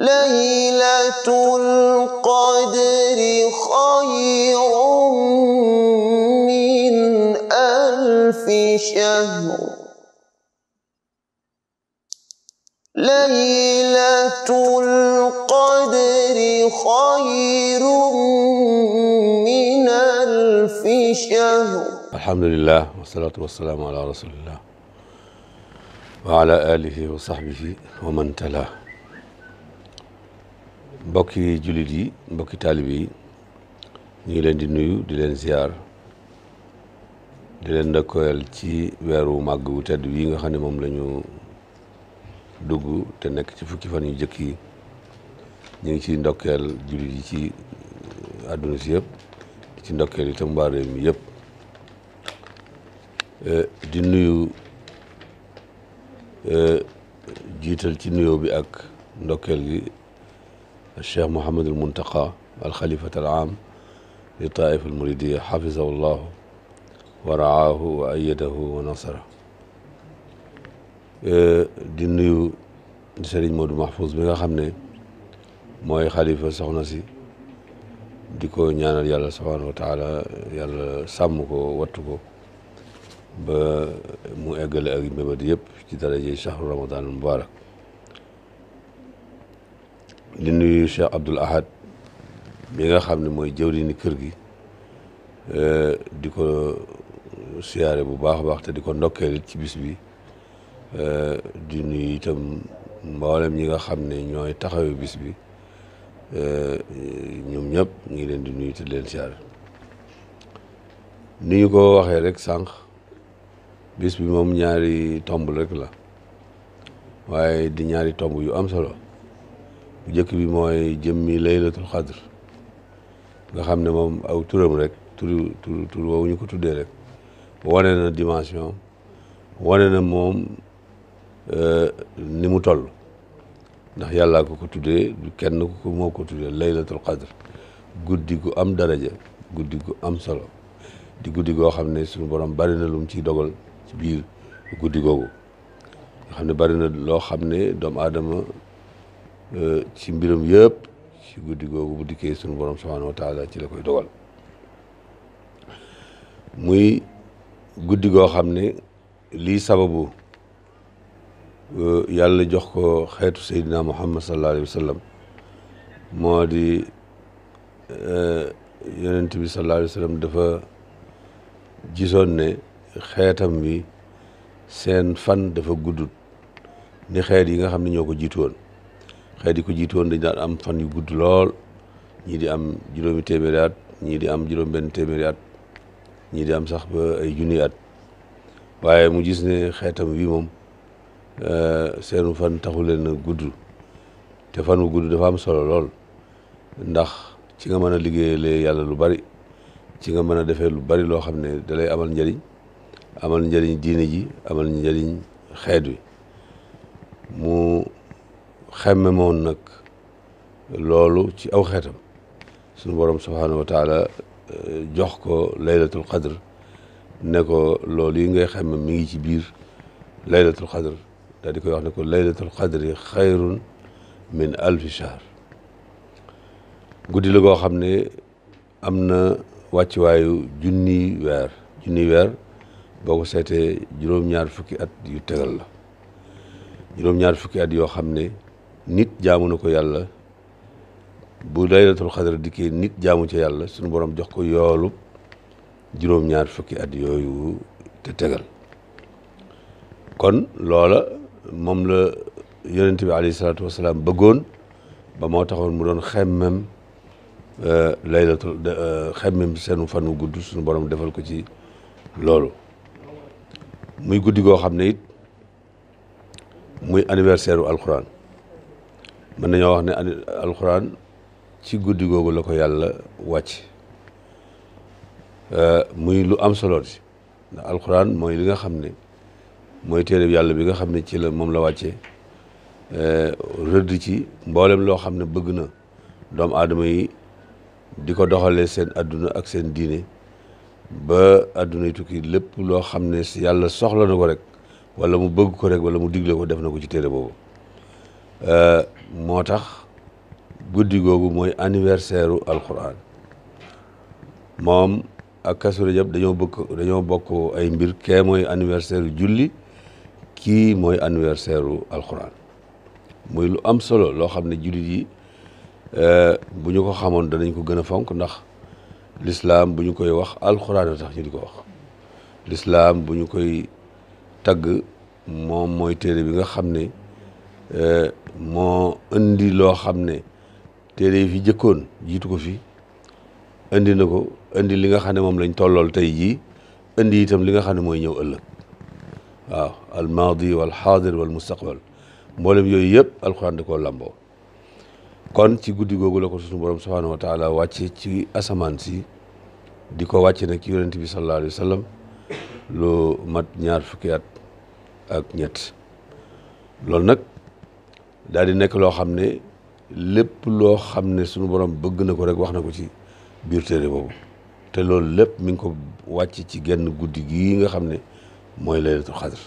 ليلة القدر خير من ألف شهر ليلة القدر خير من ألف شهر الحمد لله والصلاة والسلام على رسول الله وعلى آله وصحبه ومن تلاه mbokki jullit yi mbokki taalibe yi ñu ngi leen di nuyu di leen ziar di leen ndokkeel ci weer wu màgg wu tedd wi nga xam ne moom lañu dugg te nekk ci fukki fan yu njëkk yi ñu ngi ci ndokkeel jullit yi ci àdduna si yëpp di ci ndokkeel itam waa réew mi yëpp eh, di nuyu eh, jiital ci nuyoo bi ak ndokkeel gi الشيخ محمد المنتقى الخليفة العام لطائف المريدية حفظه الله ورعاه وأيده ونصره di nuyu Serigne Modou Mahfouz bi nga xam ne mooy xalifa soxna si di ko ñaanal yàlla subhaanahu wa taala yàlla sàmm ko wattu ko ba mu eggale ak mbébét yëpp ci daraje shahru ramadan al mubarak li nuyu Cheikh Abdoul Ahad bi nga xam ne mooy jëwriñu kër gi euh, di ko siyaare bu baax a baax te di ko ndokkeel ci bis bi euh, di nuyu itam mboolem ñi nga xam ne ñooy taxawu bis bi euh, ñoom ñëpp ñu ngi leen di nuyu te leen siyaare ni ñu ko waxee rek sànq bis bi moom ñaari tomb rek la waaye di ñaari tomb yu am solo. bu njëkk bi mooy jëmmi laylatul xadr nga xam ne moom aw turam rek turu turu tur woowu ñu ko tuddee rek wane na dimension wane na moom euh, ni mu toll ndax yàllaa ko ko tuddee du kenn ku ko moo ko tuddee laylatul qadr guddi gu am daraja guddi gu am solo di guddi goo xam ne suñu borom bari na lu mu ciy dogal ci biir guddi googu nga xam ne bari na loo xam ne doomu aadama Euh, ci mbiram yëpp ci guddi googu bu dikkee sunu borom subhaanahu wa taala ci la koy dogal muy guddi goo xam ne lii sababu euh, yàlla jox ko xeetu Seydina Muhammad sallallahu alayhi wa sallam moo di euh, yonent bi sallallahu alayhi wa sallam dafa gisoon ne xeetam bi seen fan dafa guddut ni xeet yi nga xam ne ñoo ko jiitu woon xëy di ko jiitoon dañ daan am fan yu gudd lool ñii di am juróomi téeméeri at ñii di am juróom benn téeméeri at ñii di am sax ba ay at waaye mu gis ne xeetam wi moom eh, seenu fan taxu leen a gudd te fan wu gudd dafa am solo lool ndax ci nga mën a liggéeyalee yàlla lu bari ci nga mën a defe lu bari loo xam ne da lay amal njëriñ amal njëriñ diine ji amal njëriñ xeet wi mu xemme moon nag loolu ci aw xeetam suñu borom subhaanahu wa taala eh, jox ko laylatul qadr ne ko loolu yi ngay xemme mu ngi ci biir laylatul qadr daal di koy wax ne ko laylatul qadri xayrun min alfi shahr guddi la goo xam ne am na wàccuwaayu junniy weer junniy weer boo ko seetee juróom-ñaar fukki at yu tegal la juróom-ñaar fukki at yoo xam ne nit jaamu na ko yàlla bu laylatul xadar dikkee nit jaamu ca yàlla suñu borom jox ko yoolub juróom-ñaar fukki at yooyu te tegal kon loola moom la yonent bi alayhi salaatu wasalaam bëggoon ba moo taxoon mu doon xemmem euh, laylatul euh, xemmem seenu fanu gudd suñu borom defal ko ci loolu muy guddi goo xam ne it muy anniversaire u alquran mën nañoo wax ne alxuraan ci guddi googu la ko yàlla wàcc euh, muy lu am solo si alxuraan mooy li nga xam ne mooy téere yàlla bi nga xam ne ci la moom la wàccee euh, rëdd ci mboolem loo xam ne bëgg na doomu aadama yi di ko doxalee seen adduna ak seen diine ba adduna yi tukki lépp loo xam ne yàlla soxla na ko rek wala mu bëgg ko rek wala mu digle ko def na ko ci téere boobu Euh, moo tax guddi googu mooy anniversaire u alquran moom ak Kazu Rajab dañoo bokk ay mbir kee mooy anniversaire julli kii mooy anniversaire u alquran muy lu am solo loo xam ne jullit yi euh, bu ñu ko xamoon danañ ko gën a fonk ndax lislaam bu ñu koy wax alquran a tax ñu di ko wax lislaam bu ñu koy tagg moom mooy téere bi nga xam ne Euh, moo indi loo xam ne téere yi fi jëkkoon jiitu ko fi indi na ko indi li nga xam ne moom lañ tollool tey jii indi itam li nga xam ne mooy ñëw ëllëg waaw al maadi wal xaadir wal mustaqbal mboolem yooyu yëpp alxuraan da ko lamboo kon ci guddi googu la ko suñu borom subhaanahu wa taala wàcce ci asamaan si di ko wàcce nag ci yonent bi sallallahu alayhi wa sallam lu mat ñaar fukki ak ñett loolu nag daal di nekk loo xam ne lépp loo xam ne sunu borom bëgg na ko rek wax na ko ci biir téere boobu te loolu lépp mi ngi ko wàcc ci genn guddi gii nga xam ne mooy laylatul xadr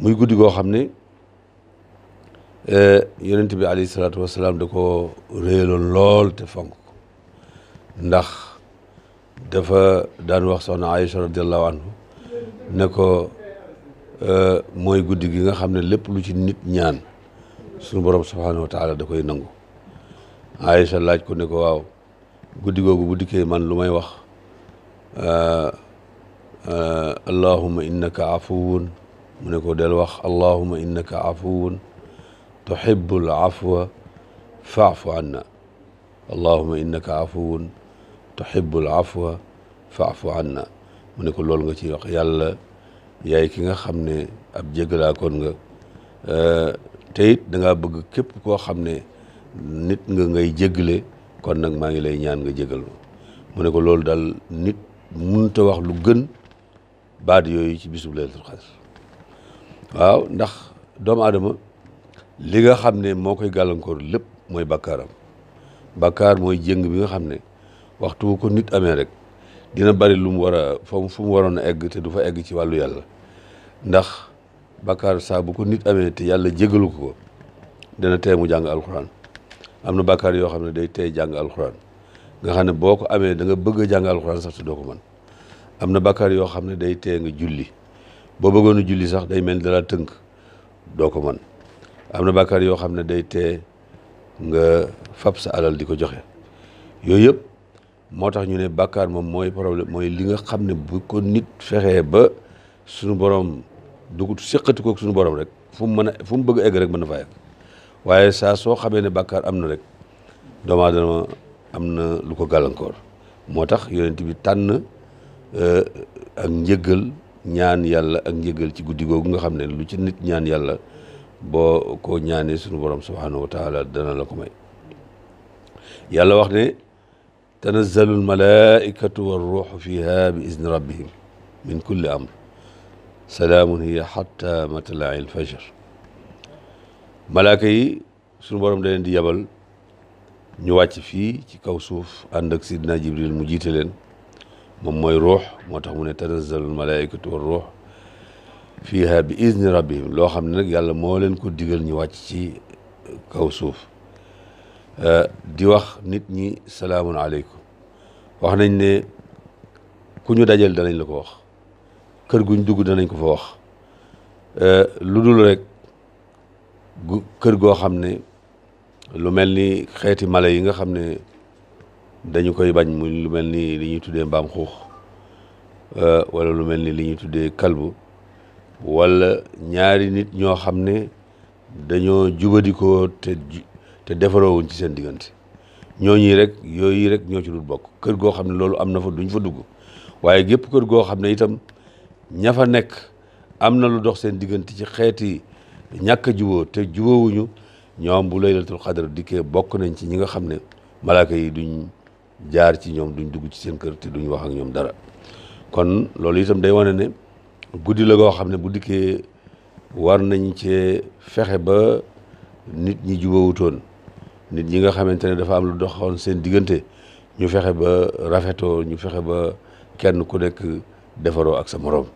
muy guddi goo xam ne eh, yonent bi alayhi salaatu wasalaam da ko réyaloon lool te fonk ndax dafa daan wax soxna Aïcha radiallahu anhu ne ko eh, mooy guddi gi nga xam ne lépp lu ci nit ñaan suñu borom subhaanahu wa taala da koy nangu Aïcha laaj ko ne ko waaw guddi googu bu dikkee man lu may wax euh, euh, allahuma innaka afuwun mu ne ko del wax allahuma innaka afuwun tuhibbul afwa faafu anna allahuma innaka afuwun tuhibbul afwa faafu anna mu ne ko loolu nga ci wax yàlla yay ki nga xam ne ab jégalaakoon nga Euh, te it da bëgg képp koo xam ne nit nga ngay jéggale kon nag maa ngi lay ñaan nga jégal ma mu ne ko loolu daal nit mënut a wax lu gën baat yooyu ci bisub laylatul xadr waaw ndax doomu aadama li nga xam ne moo koy gàllankoor lépp mooy bàkkaaram bàkkaar mooy jéng bi nga xam ne waxtu ko nit amee rek dina bari lu mu war a fa fu mu waroon a egg te du fa egg ci wàllu yàlla ndax bàkkaar saa bu ko nit amee te yàlla jégalu ko dana tee mu jàng alxuraan am na bàkkaar yoo xam ne day tey jàng alxuraan nga xam ne boo ko amee da nga bëgg a jàng sax te doo ko mën am na bàkkaar yoo xam ne day tee nga julli boo bëggoon a julli sax day mel ni dala tënk doo ko mën am na bàkkaar yoo xam ne day tee nga fab sa alal di ko joxe yooyu yëpp moo tax ñu ne bàkkaar moom mooy problème mooy li nga xam ne bu nit fexee ba sunu borom dugg séqati ko suñu borom rek fu mu mën a fu mu bëgg a egg rek mën na faa waaye sa soo xamee ne bàkkaar am na rek doomu aadama am na lu ko gàllankoor moo tax yonent bi tànn eh, ak njëggal ñaan yàlla ak njëggal ci guddi googu nga xam ne lu ci nit ñaan yàlla boo ko ñaanee sunu borom subhaanahu wa dana la ko may yàlla wax ne tanazzalu almalaikatu wa ruuxu fiha bi izni rabbihim min kulli amr salaamun hiya xatta matla'il fajr malaaka yi sunu borom da leen di yabal ñu wàcc fii ci kaw suuf ànd ak sidna jibril mu jiite leen moom mooy ruux moo tax mu ne tanazzalul malaayikatu war ruux fiiha bi izni rabbihim loo xam ne nag yàlla moo leen ko digal ñu wàcc ci kaw suuf eh, di wax nit ñi salaamun aleykum wax nañ ne ku ñu dajal danañ la ko wax kër guñ dugg danañ ko fa wax euh, lu dul rek kër goo xam ne lu mel ni xeeti mala yi nga xam ne dañu koy bañ mu lu mel ni li ñuy tuddee mbaam xuux euh, wala lu mel ni li ñuy tuddee kalbu wala ñaari nit ñoo xam ne dañoo jubadikoo te te defaroowuñ ci seen diggante ñooñu rek yooyu rek ñoo ci dul bokk kër goo xam ne loolu am na fa duñ fa dugg waaye gépp kër goo xam ne itam ña nekk am na lu dox seen diggante ci xeeti ñàkk a juboo te juboowuñu ñoom bu laylatul xadar dikkee bokk nañ ci ñi nga xam ne malaaka yi duñ jaar ci ñoom duñ dugg ci seen kër te duñ wax ak ñoom dara kon loolu itam day wane ne guddi la goo xam ne bu dikkee war nañ cee fexe ba nit ñi jubawutoon nit ñi nga xamante ne dafa am lu doxoon seen diggante ñu fexe ba rafetoo ñu fexe ba kenn ku nekk defaroo ak sa moroom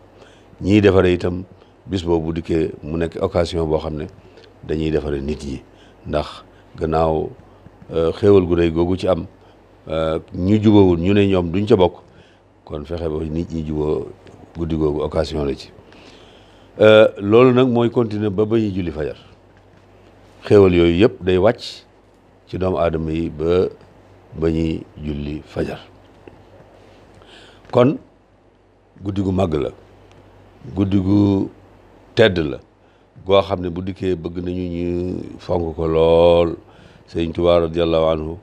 ñiy defare itam bis boobu dikkee mu nekk occasion boo xam ne dañuy defare nit ñi ndax gannaaw euh, xéewal gu rëy googu ci am euh, ñu jubawul ñu ne ñoom duñ ca bokk kon fexe ba nit ñi juboo guddi googu occasion la ci euh, loolu nag mooy continuer ba ba ñuy julli fajar xéewal yooyu yëpp day wàcc ci doomu aadama yi ba ba ñuy julli fajar kon guddi gu màgg la guddi gu tedd la goo xam ne bu dikkee bëgg nañu ñu fonk ko lool sëñ Tuubaa radiyallahu anhu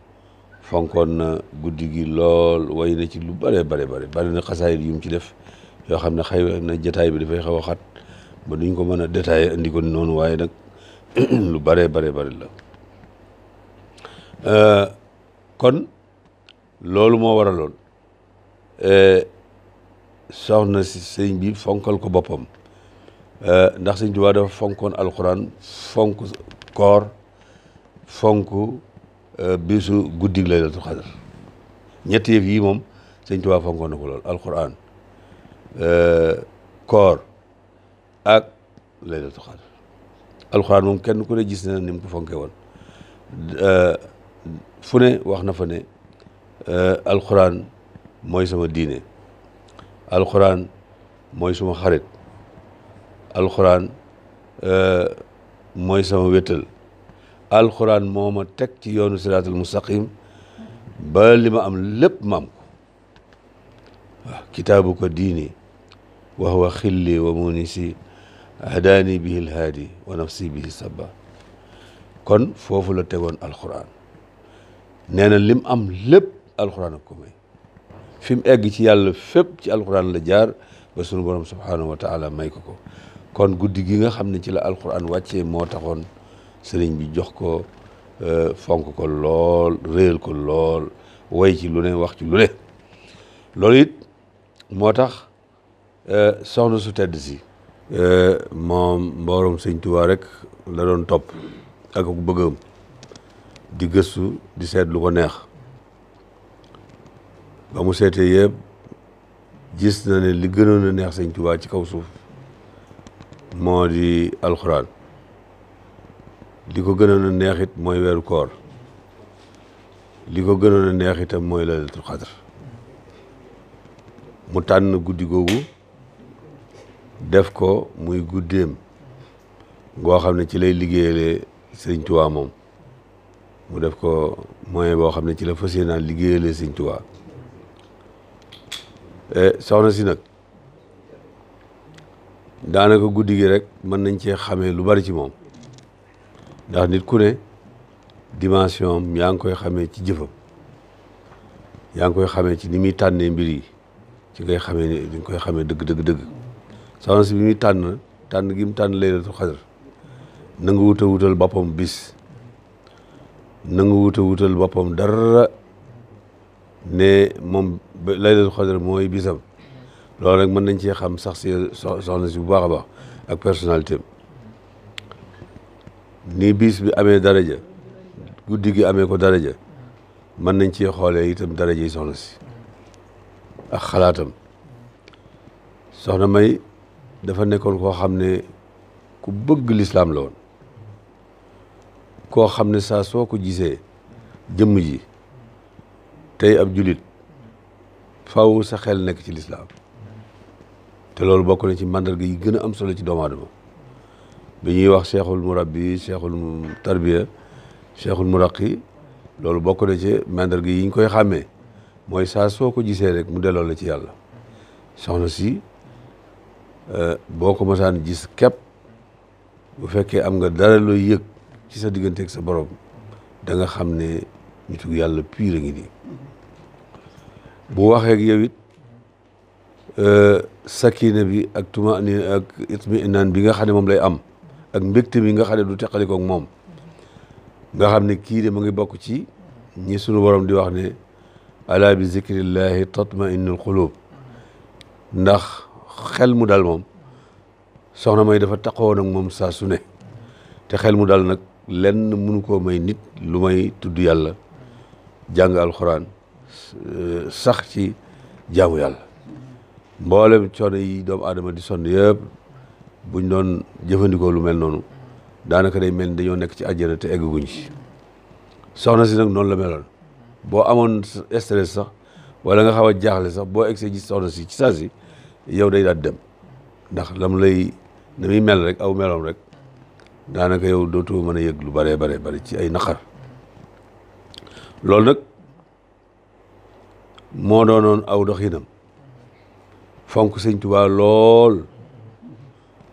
fonkoon na guddi gi lool way na ci lu bare bare bare bari na xasaayit yu mu ci def yoo xam ne xëy na jataay bi dafay xaw a xat ba duñ ko mën a détaillé andi ko noonu waaye nag lu bare bare bari la euh, kon loolu moo wara lool euh, soxna si sëñ bi fonkal ko boppam euh, ndax sëñ Tuubaa dafa fonkoon alxuraan fonk koor fonk euh, bisu guddig laylatul xadar ñetti yi moom sëñ Tuubaa fonkoon na ko lool alxuraan euh, koor ak laylatul xadar alxuraan moom kenn ku ne gis na ni mu ko woon fu ne wax na fa ne alxuraan mooy sama diine alxuraan mooy suma xarit alxuraan eh, mooy sama wéttal alxuraan moo ma teg ci yoonu siraatul mustaqim ba li ma am lépp ma am ko waaw kitaabu ko diini wa huwa xilli wa munisi hadaani bihi lhaadi wa nafsi bihi sabba kon foofu la tegoon alxuraan nee na lim am lépp alxuraan ak ko may fi mu egg ci yàlla fépp ci alquran la jaar ba sunu borom subhanahu wa taala may ko ko kon guddi gi nga xam ne ci la alquran wàcce moo taxoon sëriñ bi jox ko euh, fonk ko lool réel ko lool way ci lu ne wax ci lu ne loolu it moo tax euh, soxna su tedd si euh, moom mboorom sëñ Tuubaa rek la doon topp ak ku bëggam di gëstu di seet lu ko neex ba mu seetee yëpp gis na ne li gënoon a neex Sëñ Tuubaa ci kaw suuf moo di alxuraan li ko gënoon a neex it mooy weeru koor li ko gënoon a neex itam mooy laylatul xadr mu tànn guddi googu def ko muy guddeem ngoo xam ne ci lay liggéeyale Sëñ Tuubaa moom mu def ko moyen boo xam ne ci la fas yéenaan liggéeyale Sëñ Tuubaa Eh, soxna si nag daanaka guddi gi rek mën nañ cee xamee lu bari ci moom ndax nit ku ne dimension am yaa ngi koy xamee ci jëfam yaa ngi koy xamee ci ni muy tànnee mbir ci ngay xamee ni di nga koy xamee dëgg dëgg dëgg soxna si bi muy tànn tànn gi mu tànn laylatul xadar nanga wuta wutal boppam bis nanga wuta wutal boppam dara ne moom laylatul xadar mooy bisam loolu rek mën nañ cee xam sax si soxna si bu baax a baax ak personnalité ni bis bi amee daraja guddi gi amee ko daraja mën nañ cee xoolee itam daraja yi soxna si ak xalaatam soxna may dafa nekkoon koo xam ne ku bëgg lislaam la woon koo xam ne saa soo ko gisee jëmm ji tey ab julit faw sa xel nekk ci lislaam te loolu bokk na ci gi yi gën a am solo ci doomu aadama bi ñuy wax cheikhul murabbi cheikhul tarbiya cheikhul muraqi loolu bokk na ci gi yi ñu koy xàmmee mooy saa soo ko gisee rek mu delloo la ci yàlla soxna si euh, boo ko masaan gis képp bu fekkee am nga dara looy yëg ci sa digganteeg sa borom danga xam ne nitu yàlla pire ngi nii bu waxee ak yow it euh, sakina bi ak tumaani ak itminaan bi nga xam ne moom lay am ak mbégte bi nga xam ne du teqalikoo ak moom nga xam ni kii de mu ngi bokk ci ñi sunu borom di wax ne ala bi zikrillahi tatma'innul qulub ndax xel mu dal moom soxna may dafa taxawoon ak moom saa su ne te xel mu dal nag lenn mënu koo may nit lu may tudd yàlla jàng alxuraan sax ci jaamu yàlla mboolem coono yi doomu aadama di sonn yëpp buñ doon jëfandikoo lu mel noonu daanaka day mel ni dañoo nekk ci àjjana te eggaguñ ci soxna si nag noonu la meloon boo amoon stress sax wala nga xaw a jaaxle sax boo egsee gis soxna si ci saa si yow day daal dem ndax lam lay na muy mel rek aw meloom rek daanaka yow dootoo mën a yëg lu bëree bare bëri ci ay naqar loolu nag moo doonoon aw doxinam fonk sëñ Tuubaa lool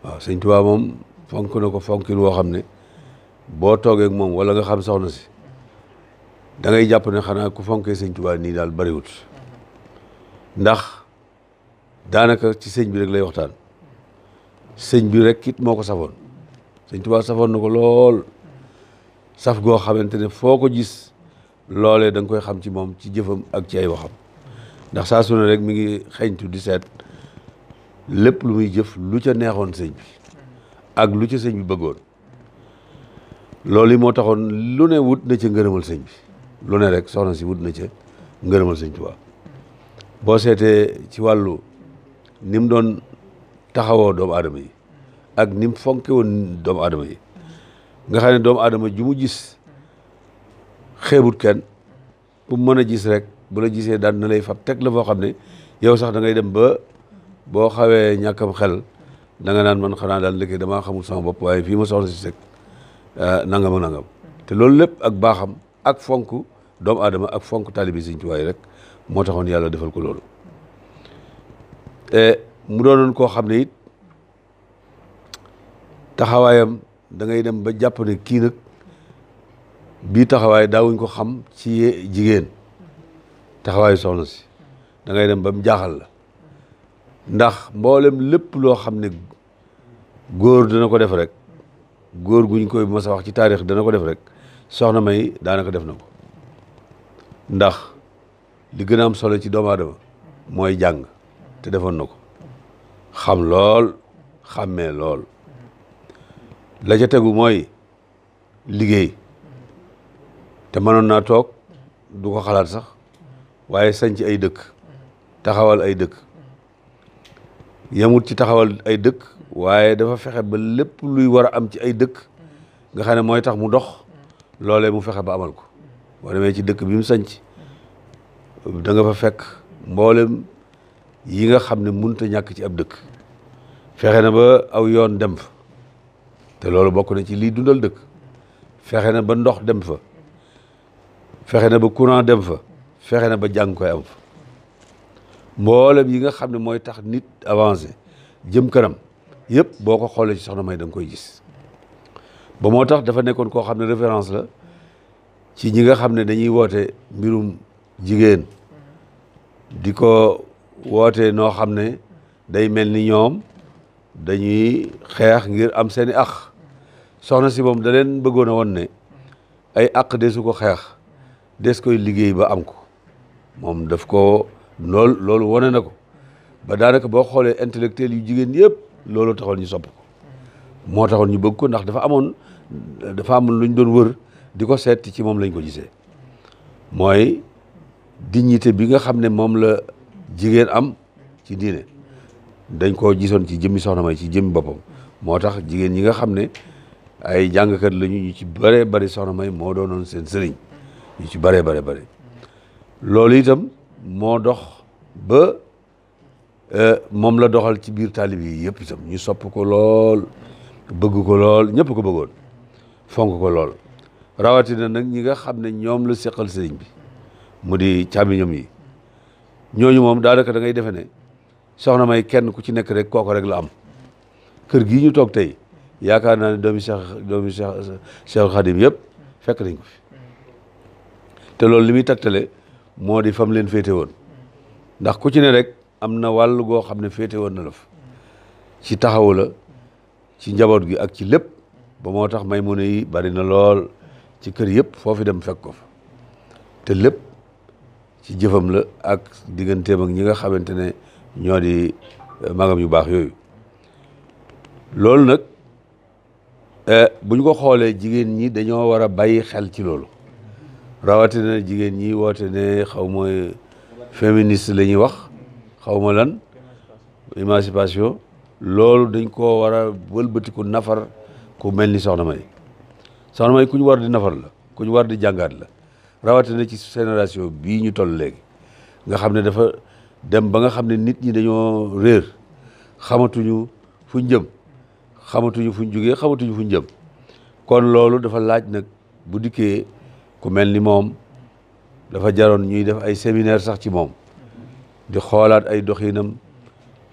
waaw sëñ Tuubaa moom fonk na ko fonkin woo xam ne boo toogeek moom wala nga xam soxna si da jàpp ne xanaa ku fonkee sëñ Tuubaa nii daal bariwut ndax daanaka ci sëñ bi rek lay waxtaan sëñ bi rek it moo ko safoon sëñ Tuubaa safoon na ko lool saf goo xamante ne foo ko gis loole da koy xam ci moom ci jëfam ak ci ay waxam ndax saa su rek mi ngi xeeñtu di seet lépp lu muy jëf lu ca neexoon sëñ bi ak lu ca sëñ bi bëggoon loolu yi moo taxoon lu ne wut na ca ngërëmal sëñ bi lu ne rek soxna si wut na ca ngërëmal sëñ Tuubaa boo seetee ci wàllu ni doon taxawoo doomu aadama yi ak ni mu woon doomu aadama yi nga xam ne doomu aadama ju mu gis xeebut ken bu mën a jis rek bu la gisee daan na lay fab teg la foo xam ne yow sax da ngay dem ba boo xawee ñàkkam xel da nga naan man xanaa daal léegi damaa xamul sama bopp waaye fii ma soxla si sek ah, nangam a nangam te loolu lépp ak baaxam ak fonk doom aadama ak fonk taalibi Sëñ Tuubaa rek moo taxoon yàlla defal ko loolu mu doonoon koo xam ne it taxawaayam da ngay dem ba jàpp ne kii nag bii taxawaay daawuñ ko xam ci jigéen taxawaayu soxna si da ngay dem ba mu jaaxal la ndax mboolem lépp loo xam ne góor dana ko def rek góor guñ koy mës wax ci taarix dana ko def rek soxna may daanaka def na ko ndax li gën a am solo ci doomu aadama mooy jàng te defoon na ko xam lool xàmmee lool la ca tegu mooy liggéey te mënoon naa toog du ko xalaat sax waaye sanc ay dëkk taxawal ay dëkk yemut ci taxawal ay dëkk waaye dafa fexe ba lépp luy war a am ci ay dëkk nga xam ne mooy tax mu dox loole mu fexe ba amal ko boo demee ci dëkk bi mu sanc danga nga fa fekk mboolem yi nga xam ne mënut a ñàkk ci ab dëkk fexe na ba aw yoon dem fa te loolu bokk na ci lii dundal dëkk fexe na ba ndox dem fa fexe na ba courant dem fa fexe na ba jàng koy am fa mboolem yi nga xam ne mooy tax nit avancé jëm kanam yëpp boo ko xoolee ci soxna May koy gis ba moo tax dafa nekkoon koo xam ne référence la ci ñi nga xam ne dañuy woote mbirum jigéen di ko woote noo xam ne day mel ni ñoom dañuy xeex ngir am seeni aq soxna si moom da leen bëggoon a woon ne ay aq desu ko xeex des koy liggéey ba am ko moom daf ko loolu loolu wane na ko ba daanaka boo xoolee intellectuel yu jigéen yëpp loolu taxoon ñu sopp moo taxoon ñu bëgg ko ndax dafa amoon dafa amoon lu ñu doon wër di ko seet ci moom lañ ko gisee mooy dignité bi nga xam ne moom la jigéen am ci diine dañ koo jisoon ci jëmmi soxna may ci jëmmi boppam moo tax jigéen ñi nga xam ne ay jàngkat lañu ñu ci bëree bëri soxna may moo doonoon seen sëriñ ñu ci bëree bëri bëri loolu itam moo dox ba euh, moom la doxal ci biir taalib yi yëpp itam ñu sopp ko lool bëgg ko lool ñëpp ko bëggoon fonk ko lool rawatina nag ñi nga xam ne ñoom la seqal sëriñ bi mu di càmmiñam yi ñooñu moom daanaka da ngay defe ne soxna may kenn ku ci nekk rek kooko rek la am kër gii ñu toog tey yaakaar naa ne doomi Cheikh doomi Cheikh Cheikh fekk nañ ko fi te loolu li muy tagtale moo di fam leen féete woon ndax ku ci ne rek am na wàll goo xam ne féete woon na la ci taxawu ci njaboot gi ak ci lépp ba moo tax may maymuna yi bari na lool ci kër yëpp foofu dem fekk ko fa te lépp ci jëfam la ak digganteem ak ñi nga xamante ne ñoo di eh, magam yu baax yooyu loolu nag eh, bu ñu ko xoolee jigéen ñi dañoo war a bàyyi xel ci loolu rawatina jigéen ñi woote ne xaw ma féministe la ñuy wax xaw ma lan émancipation loolu dañ koo war a wëlbatiku nafar ku mel ni soxna May soxna May ku ñu war di nafar la ku ñu war di jàngaat la rawatina ci génération bii ñu toll léegi nga xam ne dafa dem ba nga xam ne nit ñi dañoo réer xamatuñu fuñ jëm xamatuñu fuñ jugee xamatuñu fu jëm kon loolu dafa laaj nag bu dikkee ku mel ni moom dafa jaroon ñuy def ay séminaire sax ci moom di xoolaat ay doxinam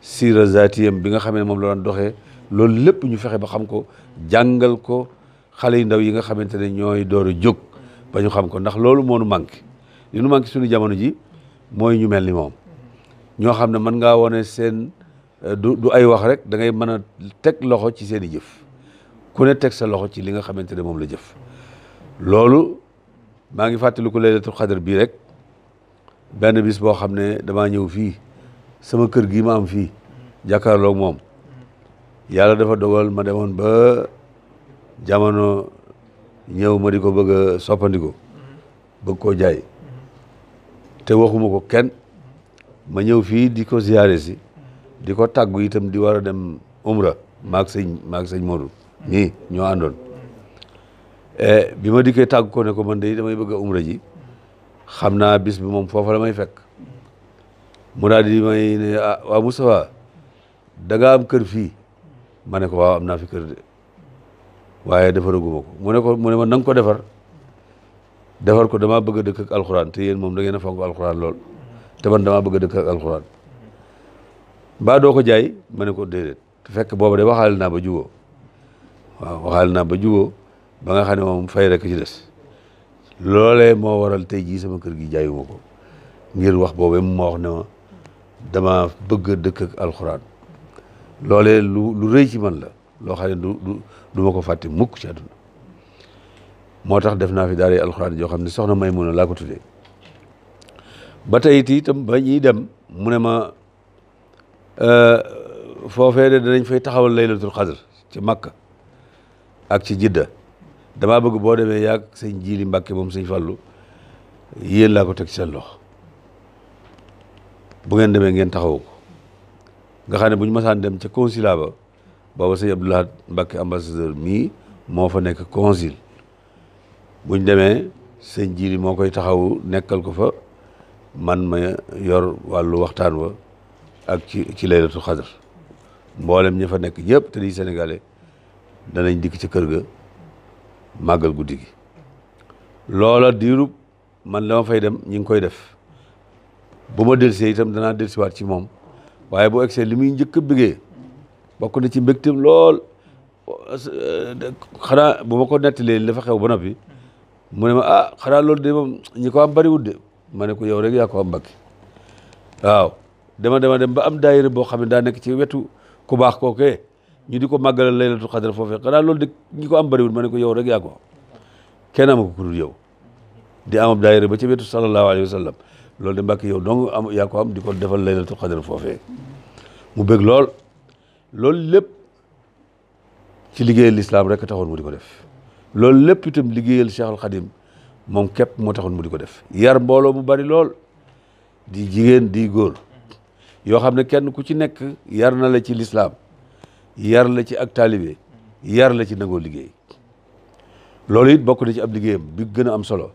siira yem bi nga xam ne moom la doon doxee loolu lépp ñu fexe ba xam ko jàngal ko xale yu ndaw yi nga xamante ne ñooy door a jóg ba ñu xam ko ndax loolu moo nu manqué li nu manqué suñu jamono ji mooy ñu mel ni moom ñoo xam ne mën ngaa wone seen euh, du du ay wax rek da ngay mën a teg loxo ci seen i jëf ku ne teg sa loxo ci li nga xamante ne moom la jëf loolu maa ngi fàttaliku laylatul xadar bii rek benn bis boo xam ne damaa ñëw fii sama kër gi ma am fii jàkkaarloog moom yàlla dafa dogal ma demoon ba jamono ñëw ma di ko bëgg a soppandiku bëgg koo jaay te waxuma ko kenn ma ñëw fii di ko ziyaare si di ko tàggu itam di war a dem umra maag sëñ maag sëñ Modou ñii ñoo àndoon Eh, bi ma dikkee tàgg ko ne ko man de damay bëgg a umra ji xam naa bis bi moom foofa la may fekk mu daal di may ne ah, am kër fii ma ne ko waaw am naa fi kër de waaye defaraguma ko mu ne ko mu ne ma na nga ko defar defar ko damaa bëgg dëkk ak alxuraan te yéen moom da ngeen a fonk alxuraan lool te man damaa bëgg a dëkk ak alxuraan doo ko jaay ma ne ko déedéet fekk booba de waxaale naa ba juboo waaw naa ba juboo banga nga xam ne moom fay rek ci des loole moo waral tey jii sama kër gi jaayuma ko ngir wax boobe mu ma wax ne dama bëgg a dëkk loole alxuraan loolee lu lu ci man la loo xam ne du duma ko fàtte mukk ci moo tax def naa fi daara alxuraan joo xam ne may Maymuna laa ko tuddee ba tey itam ba ñuy dem mu ne ma euh, foofee de danañ fay taxawal laylatul xadr ci Makka ak ci Jidda damaa bëgg boo demee yaag sëñ Jiili Mbàkke moom sëñ Fallu yéen laa ko teg seen loxo bu ngeen demee ngeen taxawu ko nga xam ne masaan dem ca consulat ba booba sëñ Abdou Lahad Mbàkke mii moo fa nekk consul buñ ñu demee sëñ Jiili moo koy taxaw nekkal ko fa man ma yor wàllu waxtaan wa ak ci ci laylatu xadar mboolem ñi fa nekk ñëpp te di sénégalais danañ dikk ci kër ga màggal guddi gi loola diirub man dama fay dem ñi ngi koy def bu ma delsee itam danaa delsiwaat ci moom waye boo egsee li muy njëkk a bëggee bokk na ci mbégteem lool xanaa bu ma ko nettalee li dafa xew ba mu ne ma ah xanaa loolu de moom ñi ko am bariwul de ma ne ko yow rek yaa ko am mbakki waaw dama dama dem ba am daayira boo xam ne daa nekk ci wetu ku baax kookee ñu di ko màggalal laylatul xadar foofee xanaa loolu de ñu ko am bëriwul ma ne ko yow rek yaa ko kenn ama ku dul yow di amab daayira ba ci wetu sallallahu alayhi wa sallam loolu de mbàkk yow dong am yaa am di ko defal laylatul xadar foofee mu bëgg lool loolu lépp ci liggéeyal lislaam rek taxoon mu di ko def loolu lépp itam liggéeyal Cheikhul Khadim moom képp moo taxoon mu di ko def yar mbooloo mu bari lool di jigéen di góor yoo xam ne kenn ku ci nekk yar na la ci lislaam yar la ci ak taalibe yar la ci nangoo liggéey loolu it bokk na ci ab liggéeyam bi gën a am solo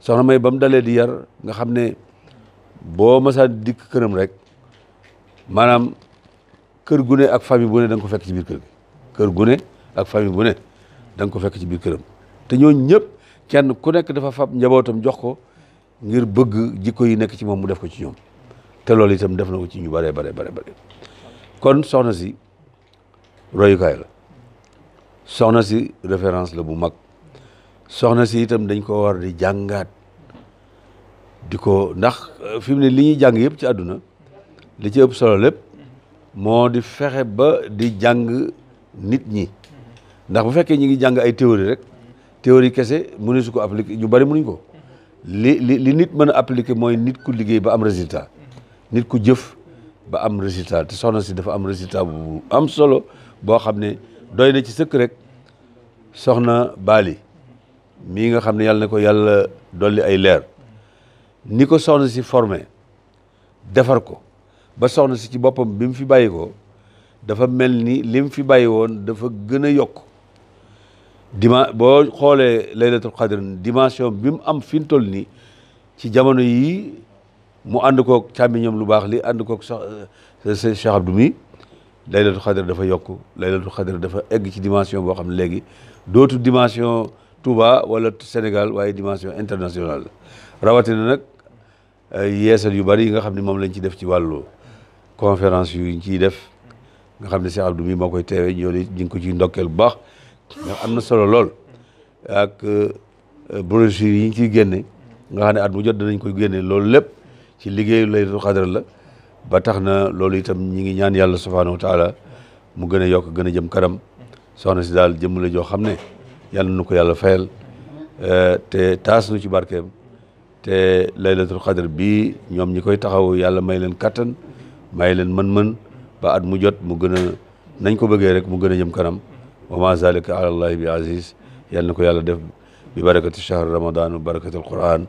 soxna may ba mu dalee di yar nga xam ne boo masaan dikk këram rek maanaam kër gu ne ak famille bu ne da ko fekk ci biir kër gi kër gu ne ak famille bu ne da nga ko fekk ci biir këram te ñooñu ñëpp kenn ku nekk dafa fab njabootam jox ko ngir bëgg jikko yi nekk ci moom mu def ko ci ñoom te loolu itam def na ko ci ñu bare bare bare bare kon soxna si royukaay la soxna si référence la bu mag soxna si itam dañ ko war di jàngaat di ko ndax euh, fi mu ne li ñuy jàng yëpp ci àdduna li ci ëpp solo lépp moo di fexe ba di jàng nit ñi ndax bu fekkee ñi ngi jàng ay théorie rek théorie kese mënu su ko appliquer ñu bari mënuñ ko li li nit mën a appliquer mooy nit ku liggéey ba am résultat nit ku jëf ba am résultat te soxna si dafa am résultat bu am solo boo xam ne doy na ci sëkk rek soxna Baali mii nga xam ne yàlla na ko yàlla dolli ay leer ni ko soxna si forme defar ko ba soxna si ci boppam bi mu fi bàyyi ko dafa mel ni lim fi bàyyi woon dafa gën a yokk dima boo xoolee laylatul qadr dimension bi mu am fi mu toll nii ci jamono yii mu ànd koog càmmiñam lu baax li ànd koog sax euh, Cheikh laylatul xadr dafa yokk laylatul xadr dafa egg ci dimension boo xam ne léegi dootu dimension Touba wala Sénégal waaye dimension international rawatina nag yeesal yu bari yi nga xam ne moom lañ ci def ci wàllu conférence yu ñu ciy def nga xam ne Cheikh Abdou mi moo koy teewee ñoo di ngi ko ciy ndokkeel bu baax ndax am na solo lool ak euh, brochure yi ciy génne nga xam ne at mu jot danañ koy génne loolu lépp ci liggéeyu laylatul xadr la ba tax na loolu itam ñi ngi ñaan yàlla subhaanahu wa taala mu gën a yokk gën a jëm kanam soxna si daal jëmm la joo xam ne yàlla nu ko yàlla fayal eh, te taas nu ci barkeem te laylatul xadr bi ñoom ñi koy taxaw yàlla may leen kattan may leen mën-mën ba at mu jot mu gën a nañ ko bëggee rek mu gën a jëm kanam wa ma zalika ala allahi bi aziz yàlla na ko yàlla def bi barakati chahr ramadan wa barakati alquran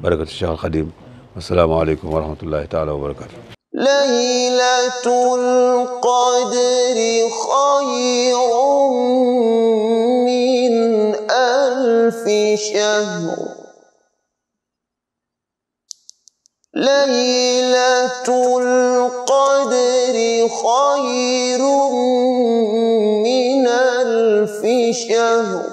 barakati cheikh alxadim wasalaamaaleykum wa rahmatullahi taala wa barakatu ليلة القدر خير من ألف شهر ليلة القدر خير من ألف شهر